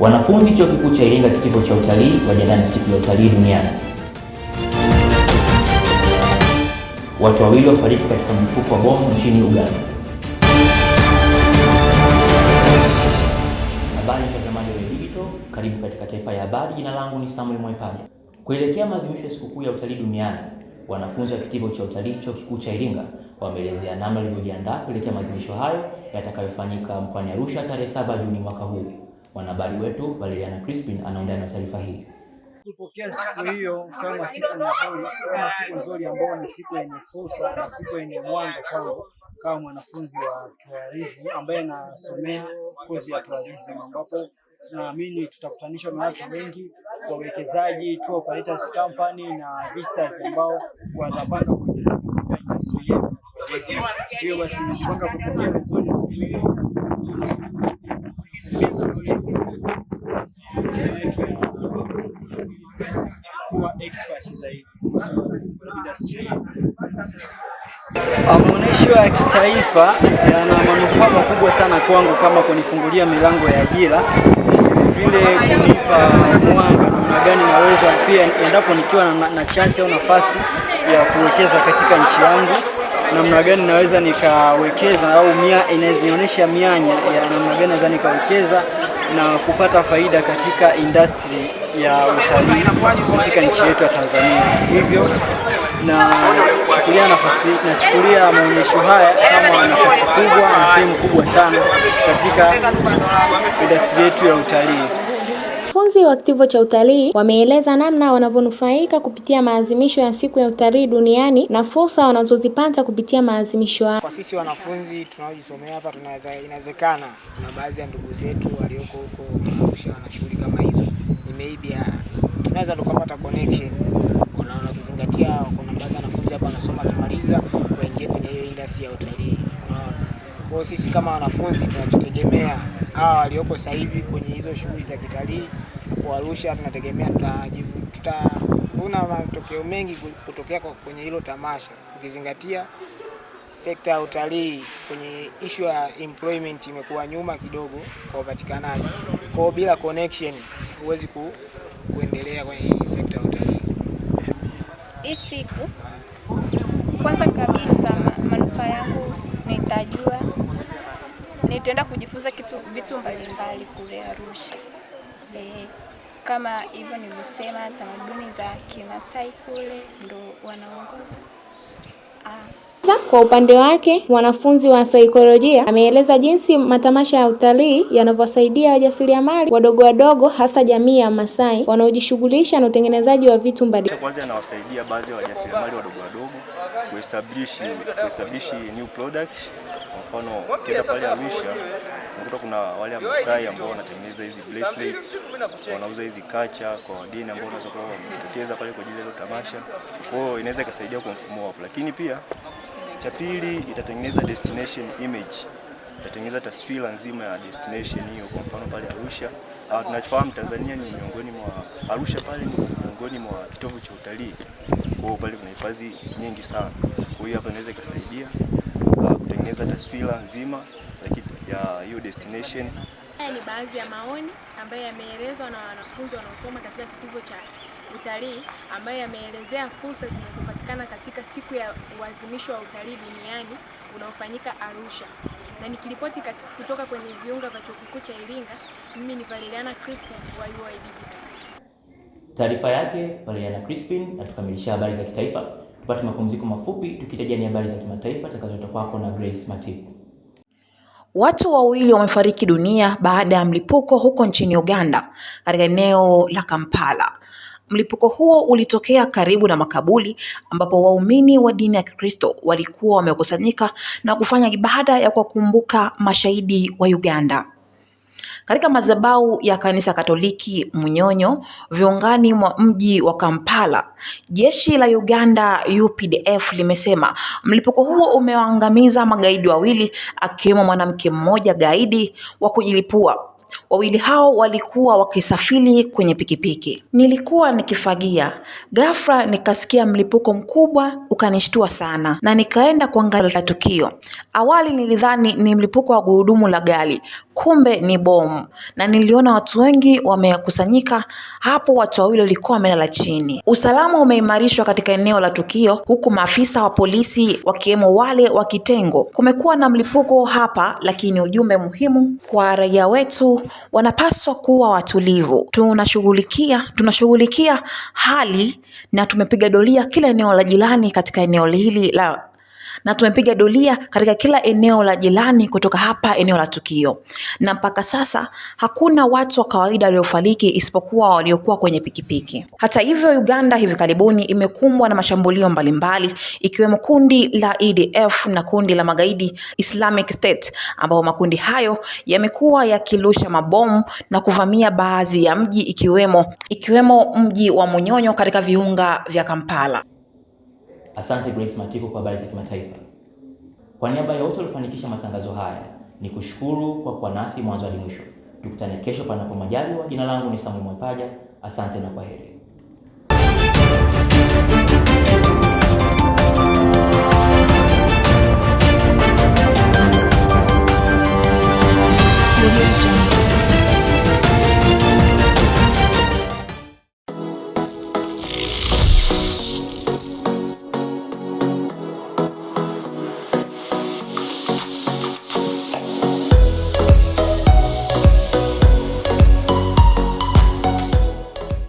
Wanafunzi Chuo Kikuu cha Iringa kitivo cha utalii wajadili siku ya utalii duniani. Watu wawili wafariki katika mlipuko wa bomu nchini Uganda. Habari mtazamaji wa Digital, karibu katika taifa ya habari. Jina langu ni Samuel Mwaipaja. Kuelekea maadhimisho ya sikukuu ya utalii duniani, wanafunzi wa kitivo cha utalii Chuo Kikuu cha Iringa wameelezea namna walivyojiandaa kuelekea maadhimisho hayo yatakayofanyika mkoani Arusha tarehe 7 Juni mwaka huu. Mwanahabari wetu Valeriana Crispin anaundana na taarifa hii. Tulipokea siku hiyo kama siku nzuri, kama siku nzuri ambayo ni siku yenye fursa na siku yenye mwanga kwangu kama mwanafunzi wa tourism ambaye anasomea kozi ya tourism, ambapo naamini tutakutanishwa na watu wengi, wawekezaji, tour operators company na visitors ambao wanapanga kuwekeza katika industry yetu. Hiyo basi nimepanga kupokea vizuri siku hiyo maonyesho ya kitaifa yana manufaa makubwa sana kwangu, kama kunifungulia milango ya ajira, vile kunipa mwanga namna gani naweza pia, endapo nikiwa na, na chance au nafasi ya kuwekeza katika nchi yangu namna gani naweza nikawekeza au mia inaonyesha mianya ya namna gani naweza nikawekeza na kupata faida katika industry ya utalii katika nchi yetu ya Tanzania. Hivyo na chukulia nafasi nachukulia maonyesho haya kama nafasi kubwa na sehemu kubwa sana katika industry yetu ya utalii. Wanafunzi wa kitivo cha utalii wameeleza namna wanavyonufaika kupitia maazimisho ya siku ya utalii duniani na fursa wanazozipata kupitia maazimisho hayo. Kwa sisi wanafunzi tunaojisomea hapa, tunaweza inawezekana na baadhi ya ndugu zetu walioko huko Arusha wana shughuli kama hizo, ni maybe tunaweza tukapata connection, unaona, ukizingatia kuna baadhi ya wanafunzi hapa wanasoma kimaliza waingie kwenye hiyo industry ya utalii. Kwa hiyo sisi kama wanafunzi tunachotegemea hawa walioko sasa hivi kwenye hizo shughuli za kitalii kwa Arusha, tunategemea tutavuna matokeo mengi kutokea kwenye hilo tamasha, ukizingatia sekta ya utalii kwenye ishu ya employment imekuwa nyuma kidogo kwa upatikanaji. Kwa hiyo bila connection huwezi ku, kuendelea kwenye sekta ya utalii. Hii siku kwanza kabisa manufaa yangu nitajua, nitaenda kujifunza kitu vitu mbalimbali kule Arusha e, kama hivyo nilivyosema, tamaduni za Kimasai kule ndo wanaongoza ah. Kwa upande wake mwanafunzi wa saikolojia ameeleza jinsi matamasha ya utalii yanavyosaidia wajasiriamali wadogo wadogo hasa jamii ya Masai wanaojishughulisha na utengenezaji wa vitu mbalimbali. Kwanza yanawasaidia baadhi ya wajasiriamali wadogo wadogo kuestablish kuestablish new product. Kwa mfano ukienda pale Arusha unakuta kuna wale Wamasai ambao wanatengeneza hizi bracelets, wanauza hizi kacha kwa wageni ambao wanaweza kuwa wamekeza pale kwa ajili ya tamasha. Kwa hiyo inaweza ikasaidia kwa mfumo wapo, lakini pia cha pili itatengeneza destination image, itatengeneza taswira nzima ya destination hiyo. Kwa mfano pale Arusha tunachofahamu Tanzania ni miongoni mwa Arusha pale ni miongoni mwa kitovu cha utalii. Kwa hiyo pale kuna hifadhi nyingi sana, kwa hiyo hapa inaweza ikasaidia uh, kutengeneza taswira nzima ya hiyo destination. Haya ni baadhi ya maoni ambayo yameelezwa na wanafunzi wanaosoma katika kitivo cha utalii ambayo yameelezea fursa zinazopatikana katika siku ya uadhimisho wa utalii duniani unaofanyika Arusha. Na nikiripoti kutoka kwenye viunga vya Chuo Kikuu cha Iringa, mimi ni Valeriana Christian wa UoI Digital. Taarifa yake pamoja na Crispin atukamilisha habari za kitaifa. Tupate mapumziko mafupi tukitaja ni habari za kimataifa takazoto kwako na Grace Matiku. Watu wawili wamefariki dunia baada ya mlipuko huko nchini Uganda katika eneo la Kampala. Mlipuko huo ulitokea karibu na makaburi ambapo waumini wa dini ya Kikristo walikuwa wamekusanyika na kufanya ibada ya kuwakumbuka mashahidi wa Uganda. Katika madhabahu ya kanisa Katoliki Munyonyo, viungani mwa mji wa Kampala, jeshi la Uganda UPDF limesema mlipuko huo umewaangamiza magaidi wawili akiwemo mwanamke mmoja gaidi wa kujilipua. Wawili hao walikuwa wakisafiri kwenye pikipiki. Nilikuwa nikifagia, ghafla nikasikia mlipuko mkubwa ukanishtua sana, na nikaenda kuangalia tukio. Awali nilidhani ni mlipuko wa gurudumu la gari, kumbe ni bomu. Na niliona watu wengi wamekusanyika hapo, watu wawili walikuwa wamelala chini. Usalama umeimarishwa katika eneo la tukio, huku maafisa wa polisi wakiwemo wale wa kitengo. Kumekuwa na mlipuko hapa, lakini ujumbe muhimu kwa raia wetu, wanapaswa kuwa watulivu. Tunashughulikia tunashughulikia hali na tumepiga doria kila eneo la jirani katika eneo hili la na tumepiga doria katika kila eneo la jirani kutoka hapa eneo la tukio, na mpaka sasa hakuna watu wa kawaida waliofariki isipokuwa waliokuwa kwenye pikipiki. Hata hivyo, Uganda hivi karibuni imekumbwa na mashambulio mbalimbali, ikiwemo kundi la EDF na kundi la magaidi Islamic State, ambapo makundi hayo yamekuwa yakirusha mabomu na kuvamia baadhi ya mji ikiwemo ikiwemo mji wa Munyonyo katika viunga vya Kampala. Asante Grace Matiko kwa habari za kimataifa. Kwa niaba ya wote waliofanikisha matangazo haya, ni kushukuru kwa kuwa nasi mwanzo hadi mwisho. Tukutane kesho panapo majaliwa. Jina langu ni Samuel Mwepaja, Asante na kwaheri.